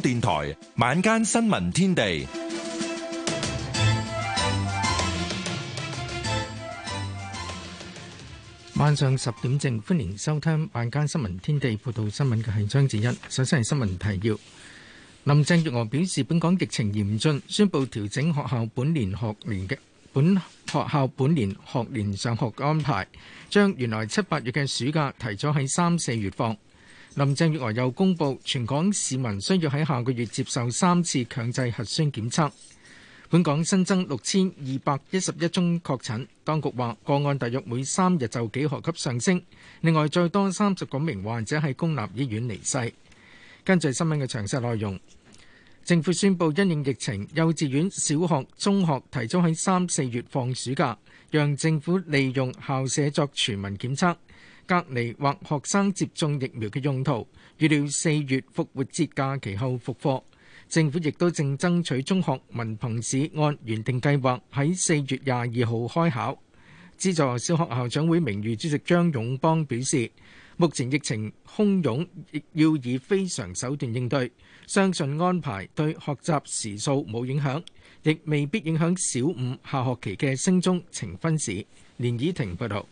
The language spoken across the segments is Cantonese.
電台晚間新聞天地，晚上十點正，歡迎收聽晚間新聞天地報道新聞嘅係張子欣，首先係新聞提要。林鄭月娥表示，本港疫情嚴峻，宣布調整學校本年學年嘅本學校本年學年上學安排，將原來七八月嘅暑假提早喺三四月放。林鄭月娥又公布，全港市民需要喺下個月接受三次強制核酸檢測。本港新增六千二百一十一宗確診，當局話個案大約每三日就幾何級上升。另外，再多三十九名患者喺公立醫院離世。跟住新聞嘅詳細內容，政府宣布因應疫情，幼稚園、小學、中學提早喺三四月放暑假，讓政府利用校舍作全民檢測。隔離或學生接種疫苗嘅用途，預料四月復活節假期後復課。政府亦都正爭取中學文憑試按原定計劃喺四月廿二號開考。資助小學校長會名譽主席張勇邦表示，目前疫情洶湧，亦要以非常手段應對。相信安排對學習時數冇影響，亦未必影響小五下學期嘅升中呈分試。連怡婷報導。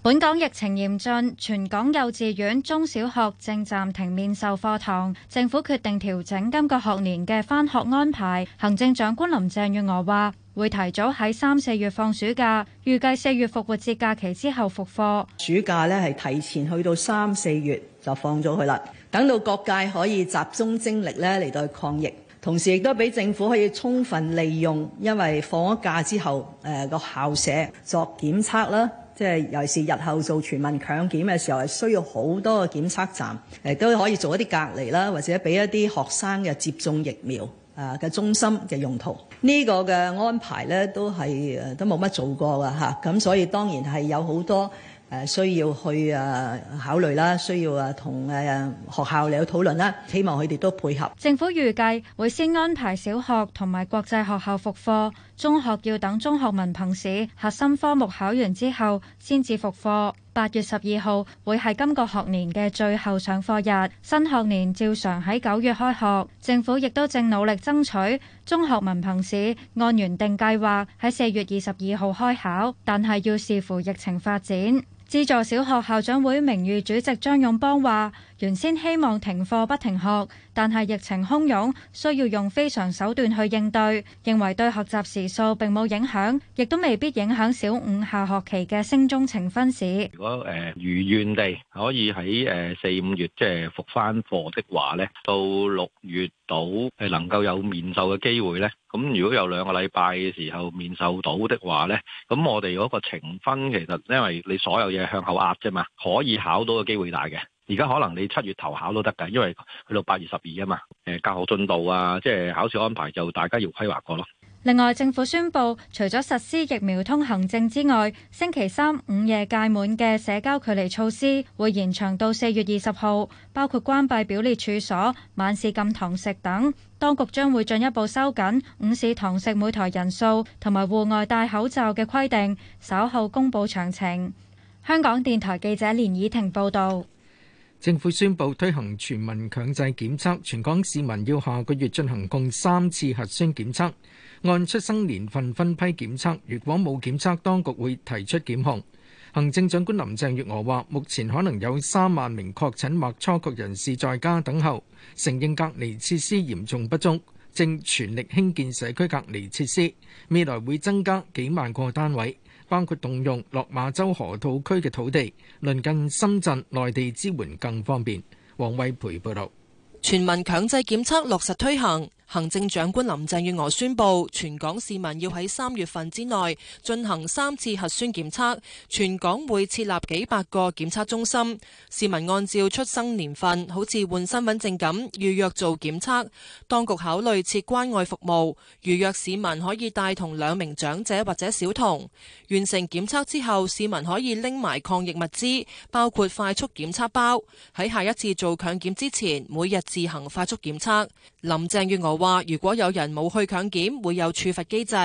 本港疫情嚴峻，全港幼稚園、中小學正暫停面授課堂。政府決定調整今個學年嘅返學安排。行政長官林鄭月娥話：會提早喺三四月放暑假，預計四月復活節假期之後復課。暑假呢係提前去到三四月就放咗佢啦。等到各界可以集中精力呢嚟到抗疫，同時亦都俾政府可以充分利用，因為放咗假之後，誒、呃、個校舍作檢測啦。即係尤其是日後做全民強檢嘅時候，係需要好多嘅檢測站，誒都可以做一啲隔離啦，或者俾一啲學生嘅接種疫苗啊嘅中心嘅用途。呢、這個嘅安排咧都係誒都冇乜做過噶嚇，咁、啊、所以當然係有好多。誒需要去啊考慮啦，需要啊同誒學校嚟去討論啦。希望佢哋都配合。政府預計會先安排小學同埋國際學校復課，中學要等中學文憑試核心科目考完之後先至復課。八月十二號會係今個學年嘅最後上課日，新學年照常喺九月開學。政府亦都正努力爭取中學文憑試按原定計劃喺四月二十二號開考，但係要視乎疫情發展。資助小學校長會名譽主席張勇邦話。原先希望停課不停學，但係疫情洶湧，需要用非常手段去應對。認為對學習時數並冇影響，亦都未必影響小五下學期嘅升中呈分試，呃。如果誒如願地可以喺誒四五月即係復翻課的話，咧，到六月度係能夠有面授嘅機會咧，咁如果有兩個禮拜嘅時候面授到的話，咧，咁我哋嗰個呈分其實，因為你所有嘢向後壓啫嘛，可以考到嘅機會大嘅。而家可能你七月頭考都得噶，因為去到八月十二啊嘛。誒，教學進度啊，即係考試安排，就大家要規劃過咯。另外，政府宣佈除咗實施疫苗通行證之外，星期三午夜屆滿嘅社交距離措施會延長到四月二十號，包括關閉表列處所、晚市禁堂食等。當局將會進一步收緊午市堂食每台人數同埋戶外戴口罩嘅規定，稍後公布詳情。香港電台記者連綺婷報道。政府宣布，推行全民強制檢測，全港市民要下個月進行共三次核酸檢測，按出生年份分批檢測，如果冇檢測，當局會提出檢控。行政長官林鄭月娥話，目前可能有三萬名確診或初確人士在家等候，承認隔離設施嚴重不足，正全力興建社區隔離設施，未來會增加幾萬個單位。包括動用落馬洲河套區嘅土地，鄰近深圳內地支援更方便。黃惠培報導，全民強制檢測落實推行。行政長官林鄭月娥宣布，全港市民要喺三月份之內進行三次核酸檢測，全港會設立幾百個檢測中心。市民按照出生年份，好似換身份證咁預約做檢測。當局考慮設關愛服務，預約市民可以帶同兩名長者或者小童。完成檢測之後，市民可以拎埋抗疫物資，包括快速檢測包。喺下一次做強檢之前，每日自行快速檢測。林鄭月娥。話如果有人冇去強檢，會有處罰機制。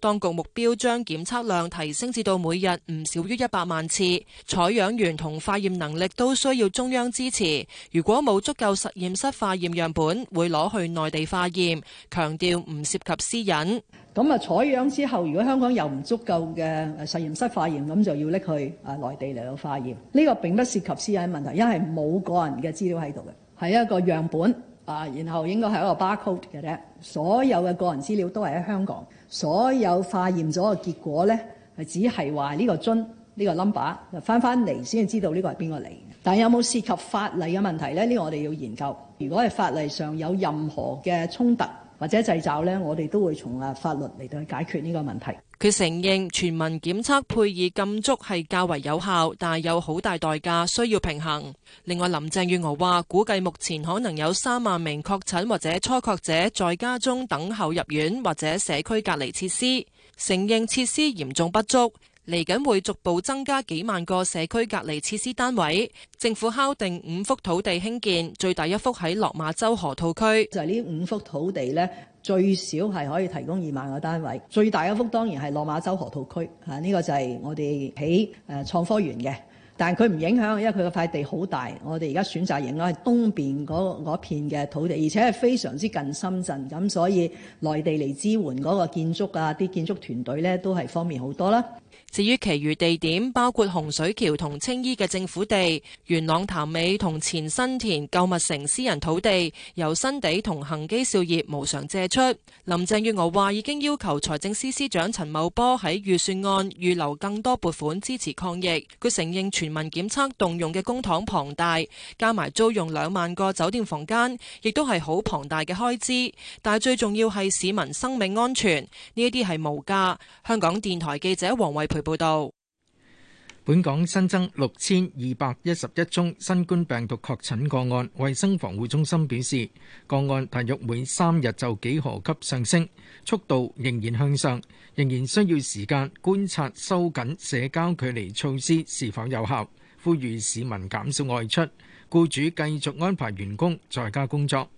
當局目標將檢測量提升至到每日唔少於一百萬次。採樣員同化驗能力都需要中央支持。如果冇足夠實驗室化驗樣本，會攞去內地化驗。強調唔涉及私隱。咁啊，採樣之後，如果香港有唔足夠嘅實驗室化驗，咁就要拎去啊內地嚟到化驗。呢個並不涉及私隱問題，因為冇個人嘅資料喺度嘅，係一個樣本。啊，然後應該係一個 barcode 嘅啫，所有嘅個人資料都係喺香港，所有化驗咗嘅結果呢，係只係話呢個樽呢個 number 就翻翻嚟先知道呢個係邊個嚟，但係有冇涉及法例嘅問題呢？呢、呢個我哋要研究，如果係法例上有任何嘅衝突。或者製造呢，我哋都會從誒法律嚟到解決呢個問題。佢承認全民檢測配以禁足係較為有效，但有好大代價，需要平衡。另外，林鄭月娥話，估計目前可能有三萬名確診或者初確者在家中等候入院或者社區隔離設施，承認設施嚴重不足。嚟緊會逐步增加幾萬個社區隔離設施單位。政府敲定五幅土地興建，最大一幅喺落馬洲河套區。就係呢五幅土地咧，最少係可以提供二萬個單位。最大一幅當然係落馬洲河套區嚇，呢、啊呢個就係我哋喺誒創科園嘅。但係佢唔影響，因為佢嗰塊地好大。我哋而家選擇型咧係東邊嗰片嘅土地，而且係非常之近深圳咁，所以內地嚟支援嗰個建築啊，啲建築團隊咧都係方便好多啦。至於其餘地點，包括洪水橋同青衣嘅政府地、元朗潭尾同前新田購物城私人土地，由新地同恒基兆業無償借出。林鄭月娥話已經要求財政司司長陳茂波喺預算案預留更多撥款支持抗疫。佢承認全民檢測動用嘅公帑龐大，加埋租用兩萬個酒店房間，亦都係好龐大嘅開支。但係最重要係市民生命安全，呢一啲係無價。香港電台記者黃慧。據報道，本港新增六千二百一十一宗新冠病毒確診個案。衛生防護中心表示，個案大約每三日就幾何級上升，速度仍然向上，仍然需要時間觀察收緊社交距離措施是否有效，呼籲市民減少外出，僱主繼續安排員工在家工作。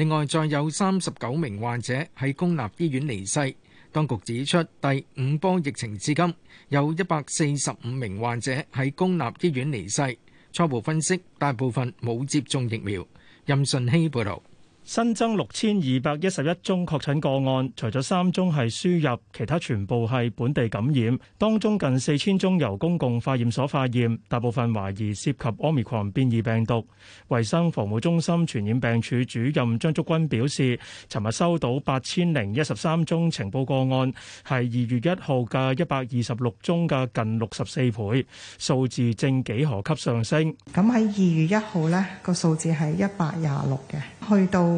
另外，再有三十九名患者喺公立醫院離世。當局指出，第五波疫情至今有一百四十五名患者喺公立醫院離世。初步分析，大部分冇接種疫苗。任順希報道。新增六千二百一十一宗確診個案，除咗三宗係輸入，其他全部係本地感染。當中近四千宗由公共化驗所化驗，大部分懷疑涉及 Omicron 變異病毒。衛生防護中心傳染病處主任張竹君表示，尋日收到八千零一十三宗情報個案，係二月一號嘅一百二十六宗嘅近六十四倍，數字正幾何級上升。咁喺二月一號呢個數字係一百廿六嘅，去到。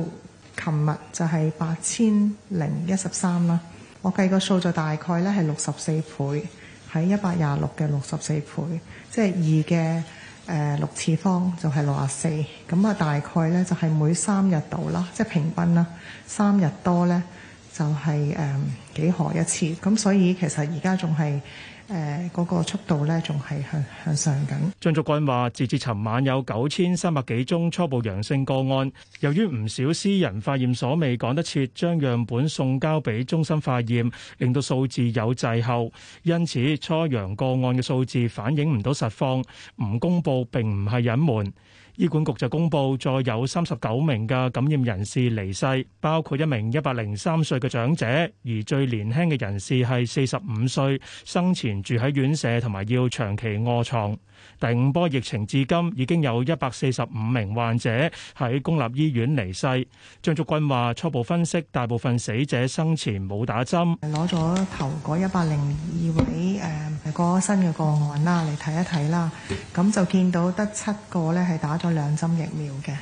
琴日就係八千零一十三啦，我計個數就大概咧係六十四倍，喺一百廿六嘅六十四倍，即係二嘅誒六次方就係六十四，咁啊大概咧就係每三日度啦，即係平均啦，三日多咧就係誒幾何一次，咁所以其實而家仲係。誒嗰個速度咧，仲係向向上緊。張竹君話：截至尋晚有九千三百幾宗初步陽性個案，由於唔少私人化驗所未趕得切將樣本送交俾中心化驗，令到數字有滯後，因此初陽個案嘅數字反映唔到實況，唔公佈並唔係隱瞞。醫管局就公布，再有三十九名嘅感染人士離世，包括一名一百零三歲嘅長者，而最年輕嘅人士係四十五歲，生前住喺院舍，同埋要長期臥床。.第五波疫情至今已經有一百四十五名患者喺公立醫院離世。張竹君話：初步分析，大部分死者生前冇打針。攞咗頭嗰一百零二位誒個新嘅個案啦，嚟睇一睇啦，咁就見到得七個咧係打咗兩針疫苗嘅。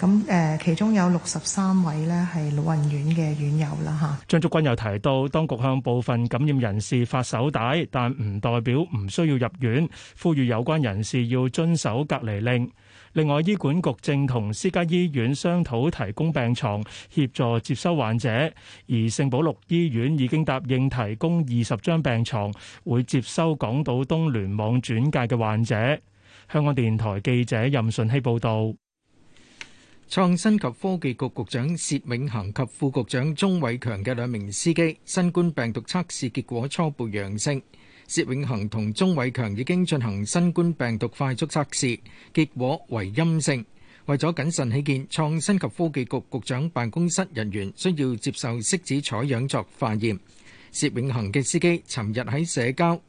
咁誒，其中有六十三位咧係老人院嘅院友啦嚇。張竹君又提到，當局向部分感染人士發手帶，但唔代表唔需要入院，呼籲有關人士要遵守隔離令。另外，醫管局正同私家醫院商討提供病床協助接收患者，而聖保祿醫院已經答應提供二十張病床，會接收港島東聯網轉介嘅患者。香港電台記者任順希報導。創新及科技局局長薛永恆及副局長鍾偉強嘅兩名司機新冠病毒測試結果初步陽性，薛永恆同鍾偉強已經進行新冠病毒快速測試，結果為陰性。為咗謹慎起見，創新及科技局局長辦公室人員需要接受拭子採樣作化驗。薛永恆嘅司機尋日喺社交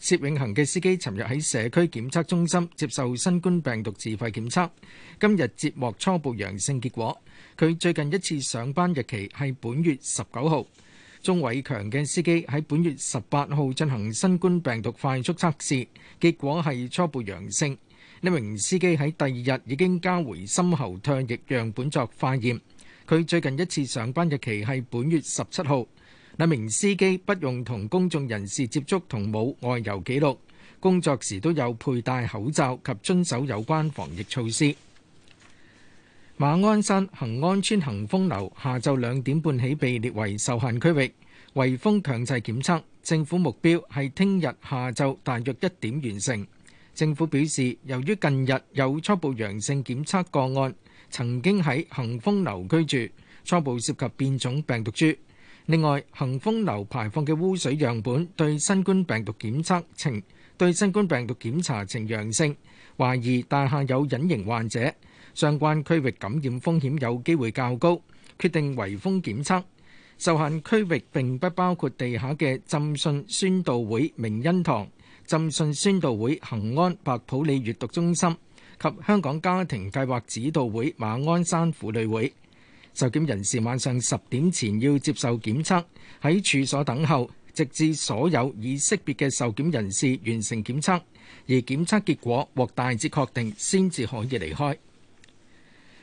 薛永恒嘅司機尋日喺社區檢測中心接受新冠病毒自費檢測，今日接獲初步陽性結果。佢最近一次上班日期係本月十九號。鍾偉強嘅司機喺本月十八號進行新冠病毒快速測試，結果係初步陽性。呢名司機喺第二日已經交回深喉唾液樣本作化驗，佢最近一次上班日期係本月十七號。兩名司機不用同公眾人士接觸，同冇外遊記錄，工作時都有佩戴口罩及遵守有關防疫措施。馬鞍山恆安邨恆豐樓下晝兩點半起被列為受限區域，圍封強制檢測。政府目標係聽日下晝大約一點完成。政府表示，由於近日有初步陽性檢測個案曾經喺恆豐樓居住，初步涉及變種病毒株。另外，恆豐樓排放嘅污水樣本對新冠病毒檢測呈對新冠病毒檢查呈陽性，懷疑大廈有隱形患者，相關區域感染風險有機會較高，決定圍封檢測。受限區域並不包括地下嘅浸信宣道會明恩堂、浸信宣道會恆安白普理閱讀中心及香港家庭計劃指導會馬鞍山婦女會。受檢人士晚上十點前要接受檢測，喺處所等候，直至所有已識別嘅受檢人士完成檢測，而檢測結果獲大致確定，先至可以離開。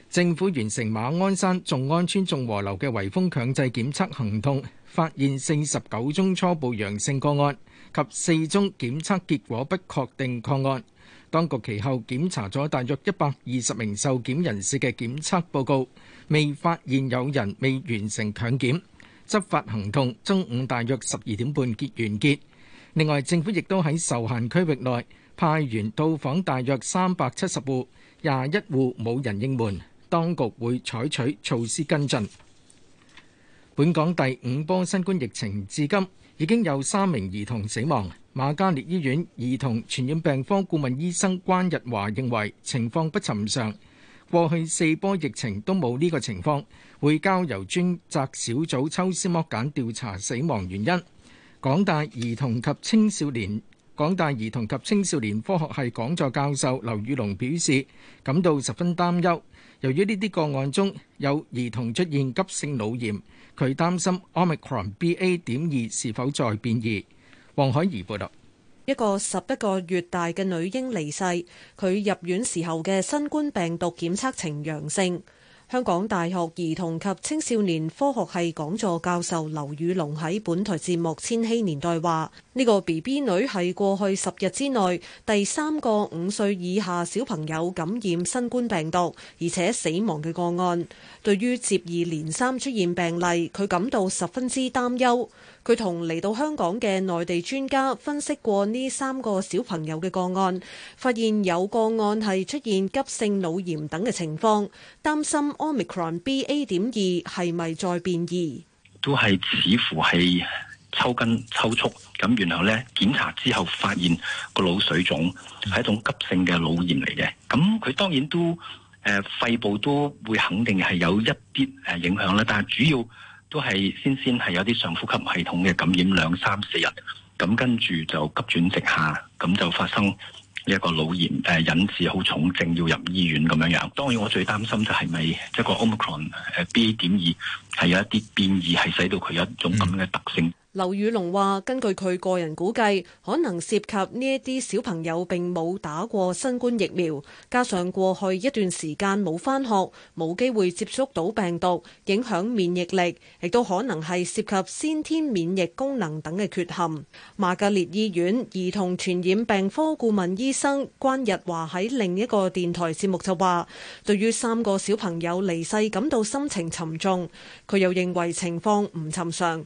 政府完成馬鞍山眾安村眾和樓嘅圍封強制檢測行動，發現四十九宗初步陽性個案及四宗檢測結果不確定個案。當局其後檢查咗大約一百二十名受檢人士嘅檢測報告。未發現有人未完成強檢執法行動，中午大約十二點半結完結。另外，政府亦都喺受限區域內派員到訪大約三百七十戶，廿一戶冇人應門，當局會採取措施跟進。本港第五波新冠疫情至今已經有三名兒童死亡。瑪嘉烈醫院兒童傳染病科顧問醫生關日華認為情況不尋常。過去四波疫情都冇呢個情況，會交由專責小組抽絲剝繭調查死亡原因。港大兒童及青少年港大兒童及青少年科學系講座教授劉宇龍表示，感到十分擔憂。由於呢啲個案中有兒童出現急性腦炎，佢擔心 OmicronBA. 點二是否再變異。黃海怡報道。一個十一個月大嘅女嬰離世，佢入院時候嘅新冠病毒檢測呈陽性。香港大學兒童及青少年科學系講座教授劉宇隆喺本台節目《千禧年代》話。呢個 BB 女係過去十日之內第三個五歲以下小朋友感染新冠病毒而且死亡嘅個案。對於接二連三出現病例，佢感到十分之擔憂。佢同嚟到香港嘅內地專家分析過呢三個小朋友嘅個案，發現有個案係出現急性腦炎等嘅情況，擔心 Omicron BA. 點二係咪再變異？都係似乎係。抽筋抽搐，咁然後呢檢查之後發現個腦水腫係一種急性嘅腦炎嚟嘅。咁佢當然都誒、呃、肺部都會肯定係有一啲誒影響啦，但係主要都係先先係有啲上呼吸系統嘅感染兩三四日，咁跟住就急轉直下，咁就發生一個腦炎誒、呃、引致好重症要入醫院咁樣樣。當然我最擔心就係咪一個、就是、Omicron 誒 BA 點二係有一啲變異係使到佢有一種咁樣嘅特性。嗯劉宇隆話，根據佢個人估計，可能涉及呢一啲小朋友並冇打過新冠疫苗，加上過去一段時間冇返學，冇機會接觸到病毒，影響免疫力，亦都可能係涉及先天免疫功能等嘅缺陷。瑪嘉列醫院兒童傳染病科顧問醫生關日華喺另一個電台節目就話，對於三個小朋友離世感到心情沉重，佢又認為情況唔尋常。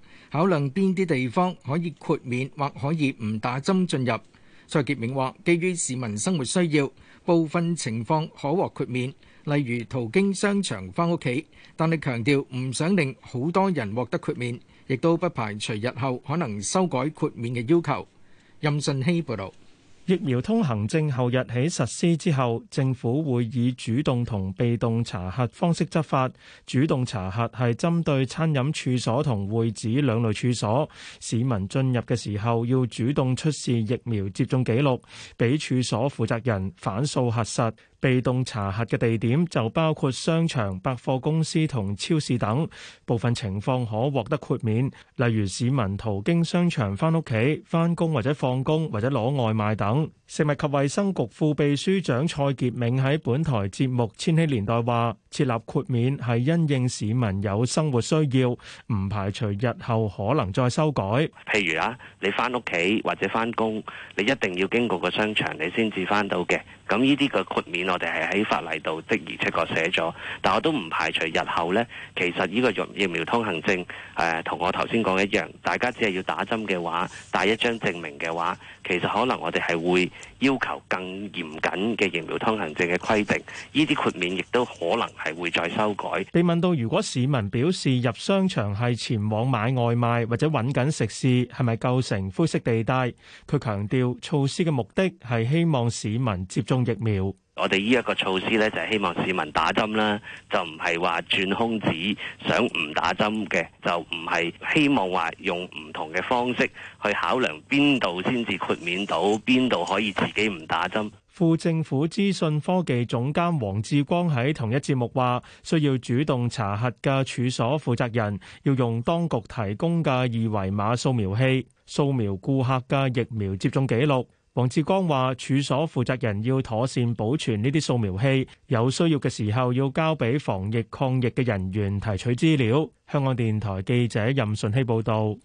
考量邊啲地方可以豁免或可以唔打針進入？蔡潔明話：基於市民生活需要，部分情況可獲豁免，例如途經商場返屋企。但係強調唔想令好多人獲得豁免，亦都不排除日後可能修改豁免嘅要求。任信希報道。疫苗通行證後日起實施之後，政府會以主動同被動查核方式執法。主動查核係針對餐飲處所同會址兩類處所，市民進入嘅時候要主動出示疫苗接種記錄，俾處所負責人反訴核實。被動查核嘅地點就包括商場百貨公司同超市等，部分情況可獲得豁免，例如市民途經商場翻屋企、翻工或者放工或者攞外賣等。食物及衛生局副秘書長蔡潔明喺本台節目《千禧年代》話設立豁免係因應市民有生活需要，唔排除日後可能再修改。譬如啊，你翻屋企或者翻工，你一定要經過個商場你先至翻到嘅。咁呢啲嘅豁免。我哋係喺法例度的而且確寫咗，但我都唔排除，日後咧，其實呢個疫疫苗通行證誒同我頭先講一樣，大家只係要打針嘅話，帶一張證明嘅話，其實可能我哋係會要求更嚴謹嘅疫苗通行證嘅規定，呢啲豁免亦都可能係會再修改。被問到，如果市民表示入商場，係前往買外賣或者揾緊食肆，係咪構成灰色地帶？佢強調措施嘅目的係希望市民接種疫苗。我哋呢一個措施咧，就係、是、希望市民打針啦，就唔係話轉空子想，想唔打針嘅，就唔係希望話用唔同嘅方式去考量邊度先至豁免到，邊度可以自己唔打針。副政府資訊科技總監黃志光喺同一節目話需要主動查核嘅處所負責人要用當局提供嘅二維碼掃描器掃描顧客嘅疫苗接種記錄。黃志光話，處所負責人要妥善保存呢啲掃描器，有需要嘅時候要交俾防疫抗疫嘅人員提取資料。香港電台記者任順希報道。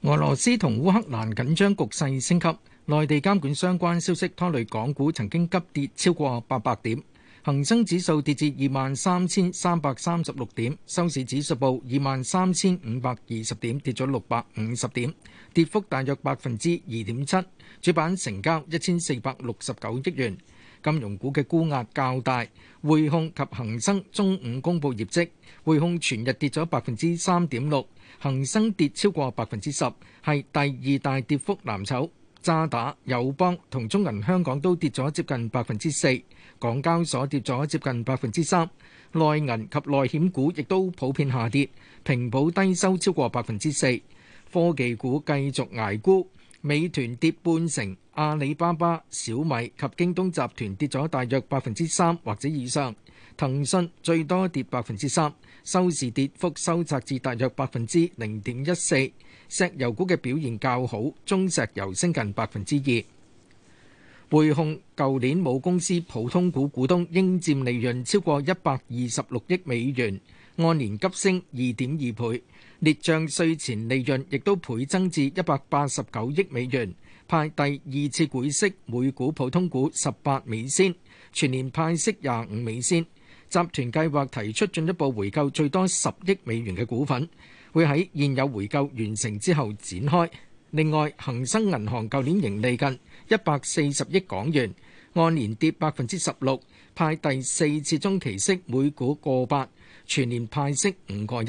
俄羅斯同烏克蘭緊張局勢升級，內地監管相關消息拖累港股，曾經急跌超過八百點。恒生指數跌至二萬三千三百三十六點，收市指數報二萬三千五百二十點，跌咗六百五十點，跌幅大約百分之二點七。主板成交一千四百六十九億元，金融股嘅沽壓較大。匯控及恒生中午公佈業績，匯控全日跌咗百分之三點六，恒生跌超過百分之十，係第二大跌幅藍籌。渣打、友邦同中銀香港都跌咗接近百分之四。港交所跌咗接近百分之三，內銀及內險股亦都普遍下跌，平保低收超過百分之四，科技股繼續挨沽，美團跌半成，阿里巴巴、小米及京東集團跌咗大約百分之三或者以上，騰訊最多跌百分之三，收市跌幅收窄至大約百分之零點一四。石油股嘅表現較好，中石油升近百分之二。滙控舊年母公司普通股股東應佔利潤超過一百二十六億美元，按年急升二點二倍，列帳稅前利潤亦都倍增至一百八十九億美元，派第二次股息每股普通股十八美仙，全年派息廿五美仙。集團計劃提出進一步回購最多十億美元嘅股份，會喺現有回購完成之後展開。另外，恒生銀行舊年盈利近一百四十億港元，按年跌百分之十六，派第四次中期息每股過八，全年派息五個一。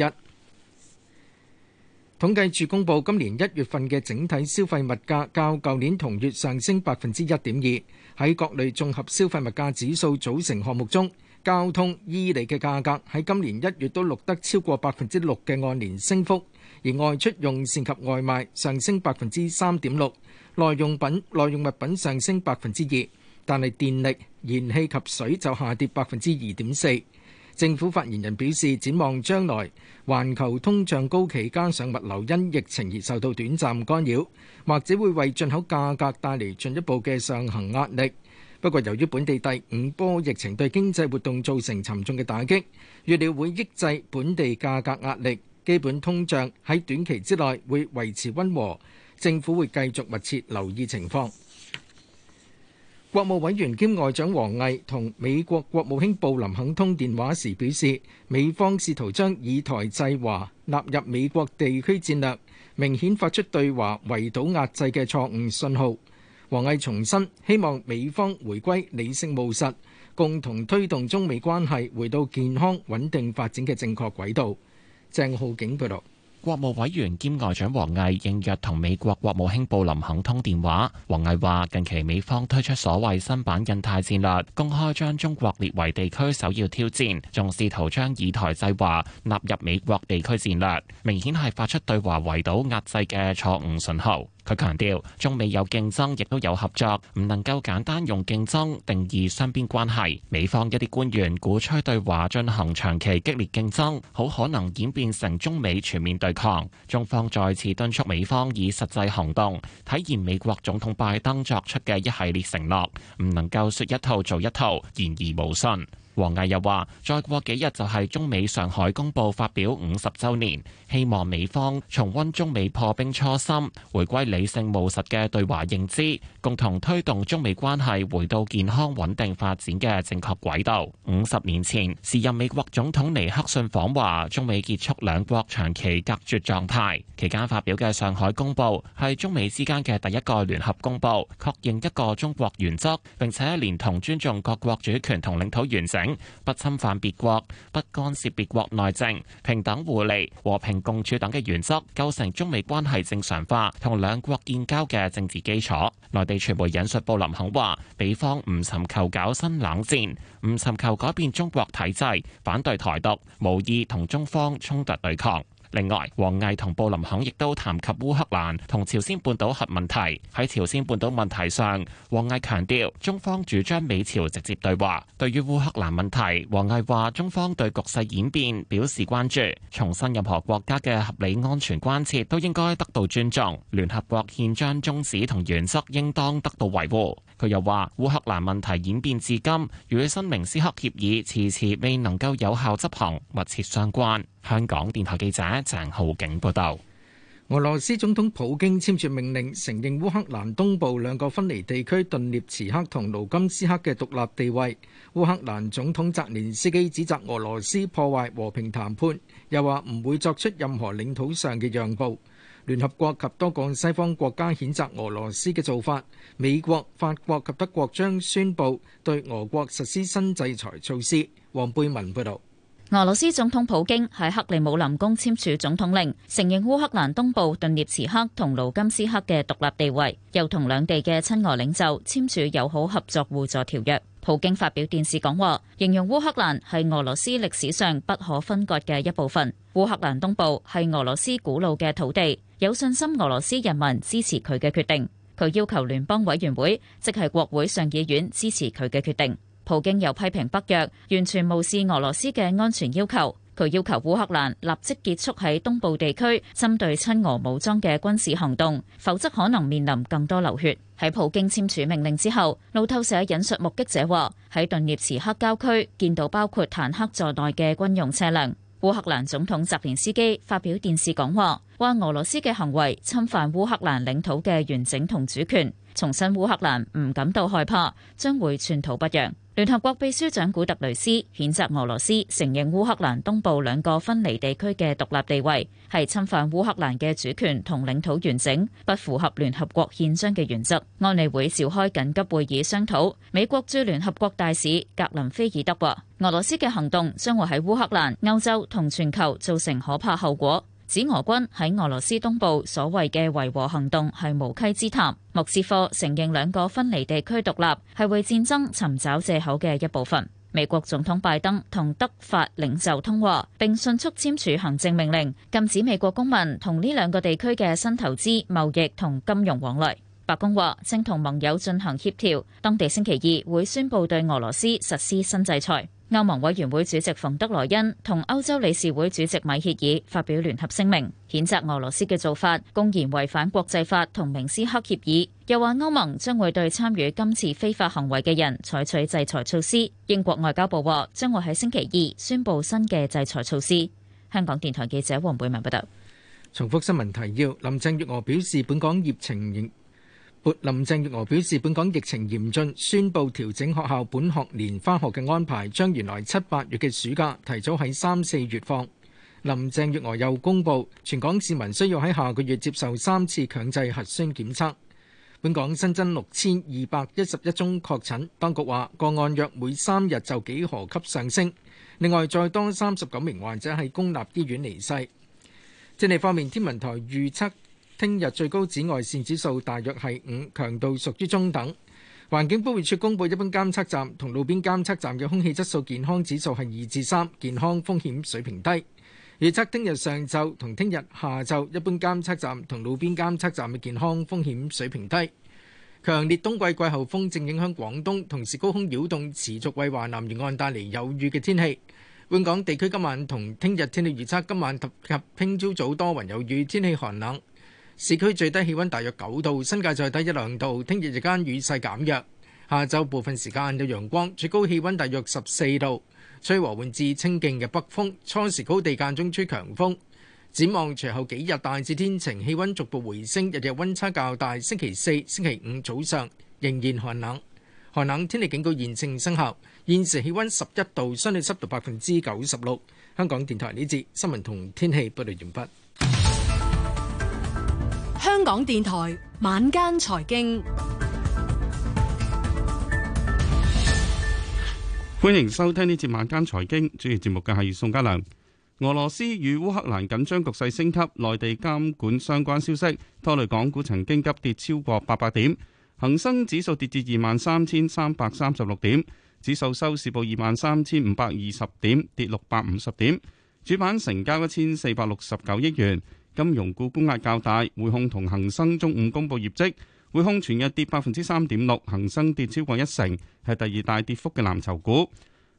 統計處公布今年一月份嘅整體消費物價，較舊年同月上升百分之一點二。喺各類綜合消費物價指數組成項目中，交通、衣履嘅價格喺今年一月都錄得超過百分之六嘅按年升幅。而外出用膳及外賣上升百分之三點六，耐用品耐用物品上升百分之二，但係電力、燃氣及水就下跌百分之二點四。政府發言人表示，展望將來，環球通脹高企加上物流因疫情而受到短暫干擾，或者會為進口價格帶嚟進一步嘅上行壓力。不過，由於本地第五波疫情對經濟活動造成沉重嘅打擊，預料會抑制本地價格壓力。基本通脹喺短期之內會維持溫和，政府會繼續密切留意情況。國務委員兼外長王毅同美國國務卿布林肯通電話時表示，美方試圖將以台制華納入美國地區戰略，明顯發出對華圍堵壓制嘅錯誤信號。王毅重申，希望美方回歸理性務實，共同推動中美關係回到健康穩定發展嘅正確軌道。鄭浩景報道，國務委員兼外長王毅應約同美國國務卿布林肯通電話。王毅話：近期美方推出所謂新版印太戰略，公開將中國列為地區首要挑戰，仲試圖將以台制華納入美國地區戰略，明顯係發出對華圍堵壓制嘅錯誤信號。佢強調，中美有競爭，亦都有合作，唔能夠簡單用競爭定義雙邊關係。美方一啲官員鼓吹對華進行長期激烈競爭，好可能演變成中美全面對抗。中方再次敦促美方以實際行動體現美國總統拜登作出嘅一系列承諾，唔能夠說一套做一套，言而無信。王毅又話：再過幾日就係中美上海公報發表五十周年，希望美方重温中美破冰初心，回歸理性務實嘅對華認知，共同推動中美關係回到健康穩定發展嘅正確軌道。五十年前，時任美國總統尼克遜訪華，中美結束兩國長期隔絕狀態期間發表嘅上海公報，係中美之間嘅第一個聯合公報，確認一個中國原則，並且連同尊重各國主權同領土完整。不侵犯別國、不干涉別國內政、平等互利、和平共處等嘅原則，構成中美關係正常化同兩國建交嘅政治基礎。內地傳媒引述布林肯話：美方唔尋求搞新冷戰，唔尋求改變中國體制，反對台獨，無意同中方衝突對抗。另外，王毅同布林肯亦都談及烏克蘭同朝鮮半島核問題。喺朝鮮半島問題上，王毅強調中方主張美朝直接對話。對於烏克蘭問題，王毅話中方對局勢演變表示關注，重申任何國家嘅合理安全關切都應該得到尊重，聯合國憲章宗旨同原則應當得到維護。佢又話烏克蘭問題演變至今，與新明斯克協議遲遲未能夠有效執行密切相關。香港電台記者鄭浩景報道：俄羅斯總統普京簽署命令，承認烏克蘭東部兩個分離地區頓涅茨克同盧甘斯克嘅獨立地位。烏克蘭總統澤連斯基指責俄羅斯破壞和平談判，又話唔會作出任何領土上嘅讓步。聯合國及多個西方國家譴責俄羅斯嘅做法。美國、法國及德國將宣布對俄國實施新制裁措施。黃貝文報道。俄羅斯總統普京喺克里姆林宮簽署總統令，承認烏克蘭東部頓涅茨克同盧甘斯克嘅獨立地位，又同兩地嘅親俄領袖簽署友好合作互助條約。普京發表電視講話，形容烏克蘭係俄羅斯歷史上不可分割嘅一部分。烏克蘭東部係俄羅斯古老嘅土地，有信心俄羅斯人民支持佢嘅決定。佢要求聯邦委員會，即係國會上議院支持佢嘅決定。普京又批評北約完全無視俄羅斯嘅安全要求，佢要求烏克蘭立即結束喺東部地區針對親俄武裝嘅軍事行動，否則可能面臨更多流血。喺普京簽署命令之後，路透社引述目擊者話，喺頓涅茨克郊區見到包括坦克在內嘅軍用車輛。烏克蘭總統澤連斯基發表電視講話，話俄羅斯嘅行為侵犯烏克蘭領土嘅完整同主權，重申烏克蘭唔感到害怕，將會寸土不讓。聯合國秘書長古特雷斯譴責俄羅斯承認烏克蘭東部兩個分離地區嘅獨立地位，係侵犯烏克蘭嘅主權同領土完整，不符合聯合國憲章嘅原則。安理會召開緊急會議商討。美國駐聯合國大使格林菲爾德話：俄羅斯嘅行動將會喺烏克蘭、歐洲同全球造成可怕後果。指俄軍喺俄羅斯東部所謂嘅維和行動係無稽之談。莫斯科承認兩個分離地區獨立係為戰爭尋找借口嘅一部分。美國總統拜登同德法領袖通話，並迅速簽署行政命令，禁止美國公民同呢兩個地區嘅新投資、貿易同金融往來。白宮話，正同盟友進行協調，當地星期二會宣布對俄羅斯實施新制裁。歐盟委員會主席馮德萊恩同歐洲理事會主席米歇爾發表聯合聲明，譴責俄羅斯嘅做法公然違反國際法同明斯克協議，又話歐盟將會對參與今次非法行為嘅人採取制裁措施。英國外交部話將會喺星期二宣布新嘅制裁措施。香港電台記者黃貝文報道。重複新聞提要：林鄭月娥表示，本港疫情仍。林鄭月娥表示，本港疫情嚴峻，宣布調整學校本學年返學嘅安排，將原來七八月嘅暑假提早喺三四月放。林鄭月娥又公布，全港市民需要喺下個月接受三次強制核酸檢測。本港新增六千二百一十一宗確診，當局話個案約每三日就幾何級上升。另外，再多三十九名患者喺公立醫院離世。天氣方面，天文台預測。聽日最高紫外線指數大約係五，強度屬於中等。環境保護署公布，一般監測站同路邊監測站嘅空氣質素健康指數係二至三，健康風險水平低。預測聽日上晝同聽日下晝，一般監測站同路邊監測站嘅健康風險水平低。強烈冬季季候風正影響廣東，同時高空擾動持續為華南沿岸帶嚟有雨嘅天氣。本港地區今晚同聽日天氣預測，今晚及聽朝早多雲有雨，天氣寒冷。市區最低氣温大約九度，新界再低一兩度。聽日日間雨勢減弱，下晝部分時間有陽光，最高氣温大約十四度，吹和緩至清勁嘅北風，初時高地間中吹強風。展望隨後幾日大致天晴，氣温逐步回升，日日温差較大。星期四、星期五早上仍然寒冷，寒冷天氣警告現正生效。現時氣温十一度，相對濕度百分之九十六。香港電台呢節新聞同天氣報道完畢。香港電台晚間財經，歡迎收聽呢節晚間財經，主持節目嘅係宋嘉良。俄羅斯與烏克蘭緊張局勢升級，內地監管相關消息拖累港股曾經急跌，跌超過八百點，恒生指數跌至二萬三千三百三十六點，指數收市報二萬三千五百二十點，跌六百五十點，主板成交一千四百六十九億元。金融股沽壓較大，匯控同恒生中午公布業績，匯控全日跌百分之三點六，恒生跌超過一成，係第二大跌幅嘅藍籌股。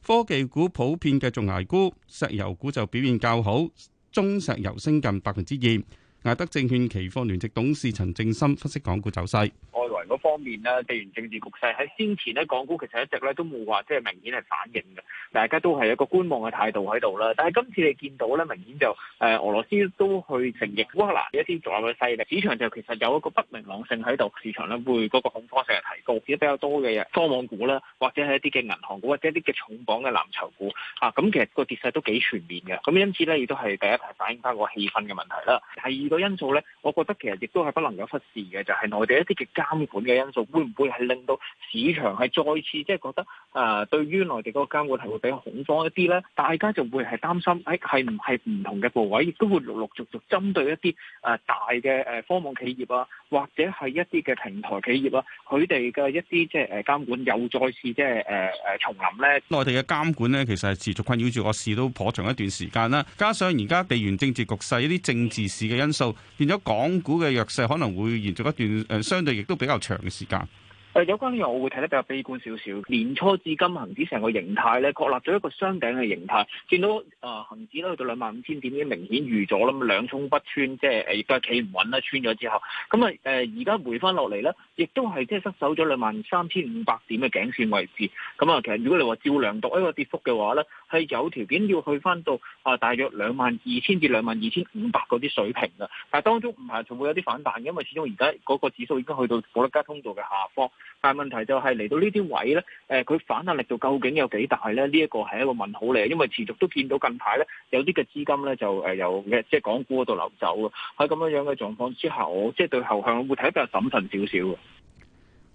科技股普遍繼續挨沽，石油股就表現較好，中石油升近百分之二。艾德證券期貨聯席董事陳正深分析港股走勢。外圍嗰方面呢，地緣政治局勢喺先前呢，港股其實一直咧都冇話即係明顯係反應嘅，大家都係一個觀望嘅態度喺度啦。但係今次你見到咧，明顯就誒俄羅斯都去承認烏克蘭有一啲獨立嘅勢力，市場就其實有一個不明朗性喺度，市場咧會嗰個恐慌性係提高，而且比較多嘅嘢，科網股啦，或者係一啲嘅銀行股，或者一啲嘅重磅嘅藍籌股啊，咁其實個跌勢都幾全面嘅。咁因此咧，亦都係第一排反映翻個氣氛嘅問題啦。喺個因素咧，我覺得其實亦都係不能有忽視嘅，就係內地一啲嘅監管嘅因素，會唔會係令到市場係再次即係覺得誒對於內地嗰個監管係會比較恐慌一啲咧？大家就會係擔心誒係唔係唔同嘅部位，亦都會陸陸續續針對一啲誒大嘅誒科網企業啊，或者係一啲嘅平台企業啊，佢哋嘅一啲即係誒監管又再次即係誒誒重臨咧？內地嘅監管咧，其實係持續困擾住個市都頗長一段時間啦。加上而家地緣政治局勢一啲政治市嘅因素。就變咗港股嘅弱勢，可能會延續一段誒，相對亦都比較長嘅時間。誒有關呢樣，我會睇得比較悲觀少少。年初至今，恒指成個形態咧，確立咗一個雙頂嘅形態。見到誒恆、呃、指咧去到兩萬五千點已經明顯預咗啦，咁兩衝不穿，即係亦都係企唔穩啦。穿咗之後，咁啊誒而家回翻落嚟咧，亦都係即係失守咗兩萬三千五百點嘅頸線位置。咁、嗯、啊，其實如果你話照量度一個跌幅嘅話咧，係有條件要去翻到啊、呃、大約兩萬二千至兩萬二千五百嗰啲水平啊。但係當中唔係仲會有啲反彈嘅，因為始終而家嗰個指數已經去到保歷加通道嘅下方。但係問題就係嚟到呢啲位咧，誒、呃，佢反彈力度究竟有幾大呢？呢一個係一個問號嚟，因為持續都見到近排咧有啲嘅資金咧就誒由即係港股嗰度流走喎。喺咁樣樣嘅狀況之下，我即係對後向會睇得比較審慎少少嘅。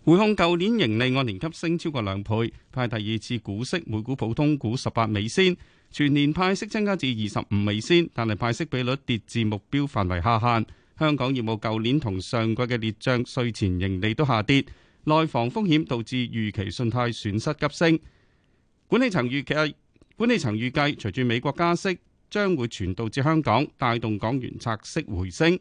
匯控舊年盈利按年急升超過兩倍，派第二次股息，每股普通股十八美仙，全年派息增加至二十五美仙，但係派息比率跌至目標範圍下限。香港業務舊年同上季嘅列賬稅前盈利都下跌。內房風險導致預期信貸損失急升，管理層預計管理層預計，隨住美國加息，將會傳導至香港，帶動港元拆息回升。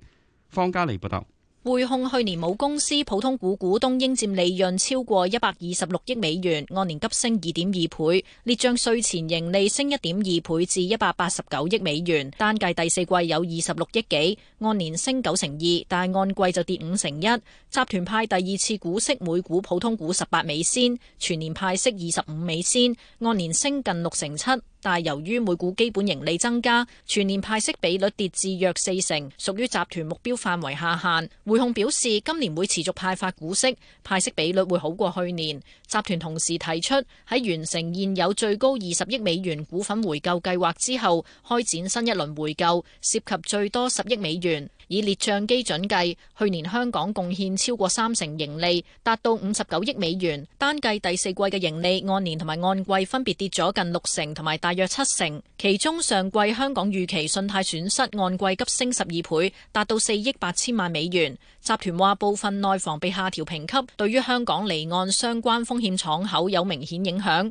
方家利報道。匯控去年母公司普通股股東應占利潤超過一百二十六億美元，按年急升二點二倍，列賬稅前盈利升一點二倍至一百八十九億美元，單計第四季有二十六億幾，按年升九成二，但按季就跌五成一。集團派第二次股息每股普通股十八美仙，全年派息二十五美仙，按年升近六成七。但由於每股基本盈利增加，全年派息比率跌至約四成，屬於集團目標範圍下限。匯控表示，今年會持續派發股息，派息比率會好過去年。集團同時提出，喺完成現有最高二十億美元股份回購計劃之後，開展新一輪回購，涉及最多十億美元。以列賬基準計，去年香港貢獻超過三成盈利，達到五十九億美元。單計第四季嘅盈利，按年同埋按季分別跌咗近六成同埋大約七成。其中上季香港預期信貸損失按季急升十二倍，達到四億八千萬美元。集團話部分內房被下調評級，對於香港離岸相關風險敞口有明顯影響。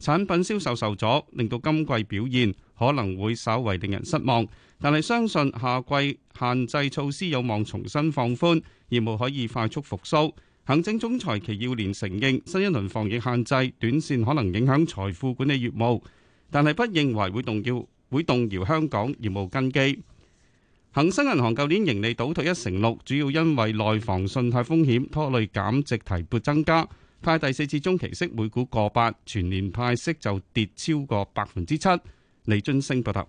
產品銷售受阻，令到今季表現可能會稍為令人失望。但係相信下季限制措施有望重新放寬，業務可以快速復甦。行政總裁祁耀年承認新一輪防疫限制短線可能影響財富管理業務，但係不認為會動搖會動搖香港業務根基。恒生銀行舊年盈利倒退一成六，主要因為內房信貸風險拖累減值提撥增加。派第四次中期息每股個八，全年派息就跌超過百分之七，李津升報道。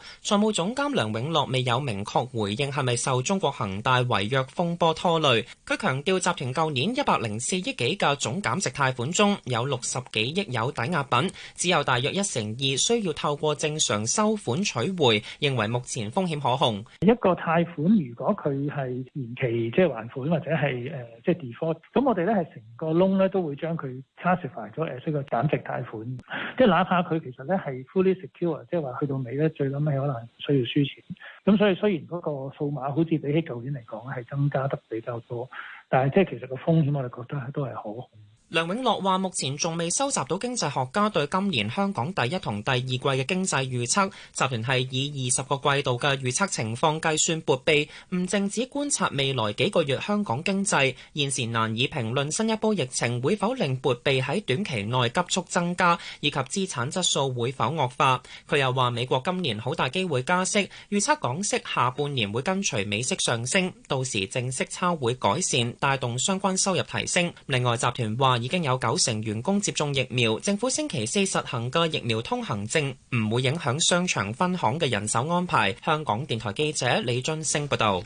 財務總監梁永樂未有明確回應係咪受中國恒大違約風波拖累。佢強調集團舊年一百零四億幾嘅總減值貸款中有六十幾億有抵押品，只有大約一成二需要透過正常收款取回，認為目前風險可控。一個貸款如果佢係延期即係，即係、還款或者係誒即係 default，咁我哋咧係成個窿咧都會將佢 classify 咗誒，一個減值貸款，即係哪怕佢其實咧係 fully secure，即係話去到尾咧最諗。你可能需要輸錢，咁所以雖然嗰個數碼好似比起舊年嚟講係增加得比較多，但係即係其實個風險我哋覺得都係好。梁永樂話，目前仲未收集到經濟學家對今年香港第一同第二季嘅經濟預測，集團係以二十個季度嘅預測情況計算撥備，唔淨止觀察未來幾個月香港經濟現時難以評論新一波疫情會否令撥備喺短期內急速增加，以及資產質素會否惡化。佢又話美國今年好大機會加息，預測港息下半年會跟隨美息上升，到時淨息差會改善，帶動相關收入提升。另外，集團話。已經有九成員工接種疫苗，政府星期四實行嘅疫苗通行證唔會影響商場分行嘅人手安排。香港電台記者李俊升報道。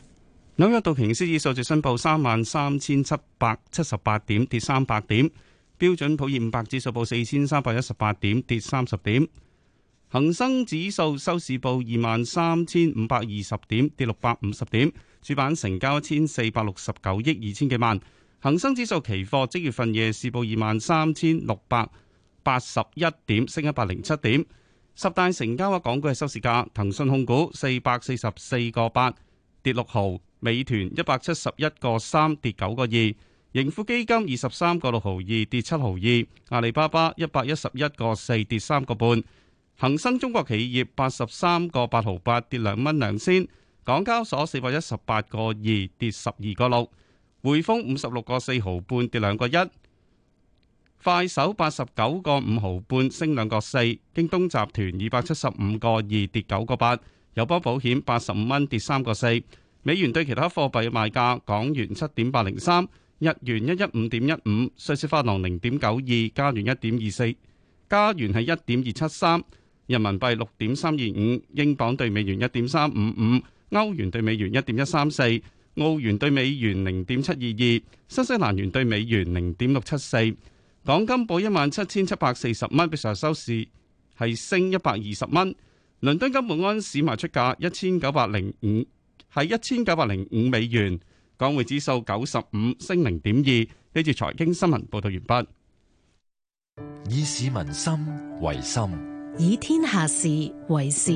紐約道瓊斯指數即日報三萬三千七百七十八點，跌三百點。標準普爾五百指數報四千三百一十八點，跌三十點。恒生指數收市報二萬三千五百二十點，跌六百五十點。主板成交一千四百六十九億二千幾萬。恒生指數期貨即月份夜市報二萬三千六百八十一點，升一百零七點。十大成交額港股嘅收市價：騰訊控股四百四十四個八，跌六毫；美團一百七十一個三，跌九個二；盈富基金二十三個六毫二，跌七毫二；阿里巴巴一百一十一個四，跌三個半；恒生中國企業八十三個八毫八，跌兩蚊兩仙；港交所四百一十八個二，跌十二個六。匯豐五十六個四毫半跌兩個一，快手八十九個五毫半升兩個四，京東集團二百七十五個二跌九個八，友邦保險八十五蚊跌三個四，美元對其他貨幣賣價：港元七點八零三，日元一一五點一五，瑞士法郎零點九二，加元一點二四，加元係一點二七三，人民幣六點三二五，英鎊兌美元一點三五五，歐元兌美元一點一三四。澳元兌美元零點七二二，新西蘭元兌美元零點六七四。港金報一萬七千七百四十蚊，比上日收市係升一百二十蚊。倫敦金本安市賣出價一千九百零五，係一千九百零五美元。港匯指數九十五升零點二。呢段財經新聞報道完畢。以市民心為心，以天下事為事。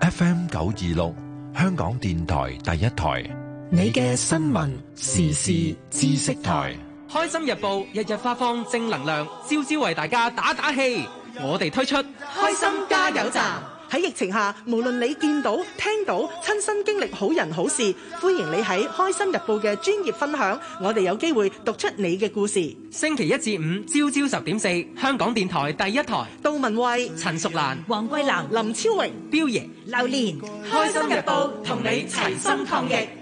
F.M. 九二六，香港電台第一台。你嘅新聞時事知識台，開心日報日日發放正能量，朝朝為大家打打氣。我哋推出開心加油站。喺疫情下，無論你見到、聽到、親身經歷好人好事，歡迎你喺開心日報嘅專業分享。我哋有機會讀出你嘅故事。星期一至五朝朝十點四，香港電台第一台。杜文慧、陳淑蘭、黃桂蘭、林超榮、彪爺、榴蓮，開心日報同你齊心抗疫。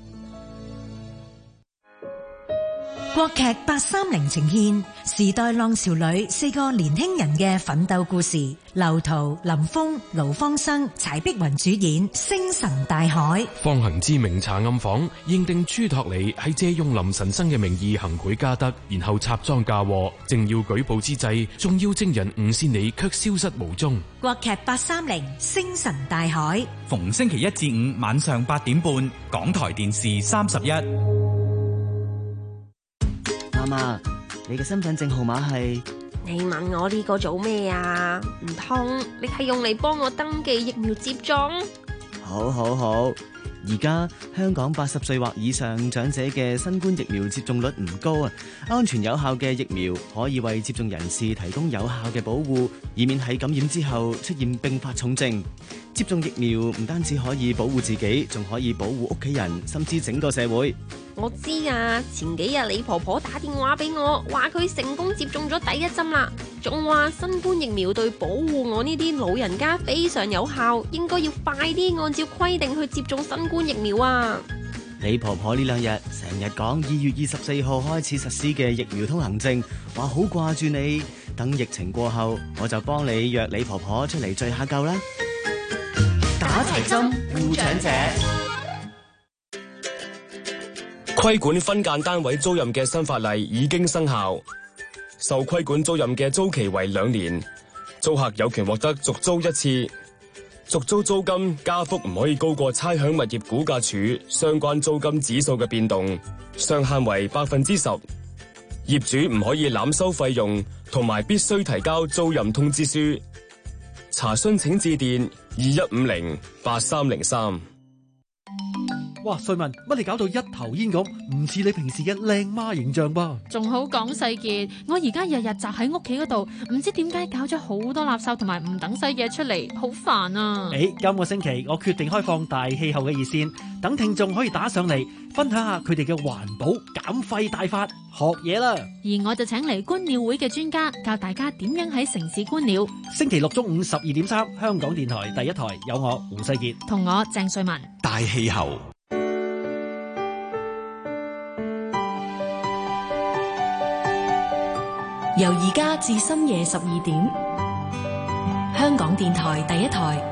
國劇八三零呈現時代浪潮裏四個年輕人嘅奮鬥故事，劉濤、林峯、盧芳生、柴碧雲主演《星辰大海》。方行之明查暗訪，認定朱托尼係借用林神生嘅名義行賄加德，然後插贓嫁禍。正要舉報之際，重要證人吳仙禮卻消失無蹤。國劇八三零《星辰大海》，逢星期一至五晚上八點半，港台電視三十一。嘛，你嘅身份證號碼係？你問我呢個做咩啊？唔通你係用嚟幫我登記疫苗接種？好好好，而家香港八十歲或以上長者嘅新冠疫苗接種率唔高啊！安全有效嘅疫苗可以為接種人士提供有效嘅保護，以免喺感染之後出現併發重症。接種疫苗唔單止可以保護自己，仲可以保護屋企人，甚至整個社會。我知啊，前幾日李婆婆打電話俾我，話佢成功接種咗第一針啦，仲話新冠疫苗對保護我呢啲老人家非常有效，應該要快啲按照規定去接種新冠疫苗啊。李婆婆呢兩日成日講，二月二十四號開始實施嘅疫苗通行證，話好掛住你，等疫情過後我就幫你約李婆婆出嚟聚下舊啦。打齊針，護長者。規管分間單位租賃嘅新法例已經生效，受規管租賃嘅租期為兩年，租客有權獲得續租一次，續租租金加幅唔可以高過差餉物業估價署相關租金指數嘅變動，上限為百分之十，業主唔可以濫收費用，同埋必須提交租賃通知書。查詢請致電二一五零八三零三。哇！瑞文，乜你搞到一頭煙咁，唔似你平時嘅靚媽形象噃。仲好講世杰，我而家日日宅喺屋企嗰度，唔知點解搞咗好多垃圾同埋唔等使嘢出嚟，好煩啊！誒、欸，今個星期我決定開放大氣候嘅熱線，等聽眾可以打上嚟分享下佢哋嘅環保減廢大法，學嘢啦。而我就請嚟觀鳥會嘅專家教大家點樣喺城市觀鳥。星期六中午十二點三，3, 香港電台第一台有我胡世杰同我鄭瑞文大氣候。由而家至深夜十二點，香港電台第一台。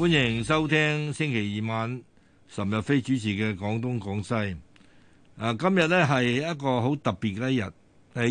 歡迎收聽星期二晚岑日飛主持嘅廣東廣西。啊，今日咧係一個好特別嘅一日。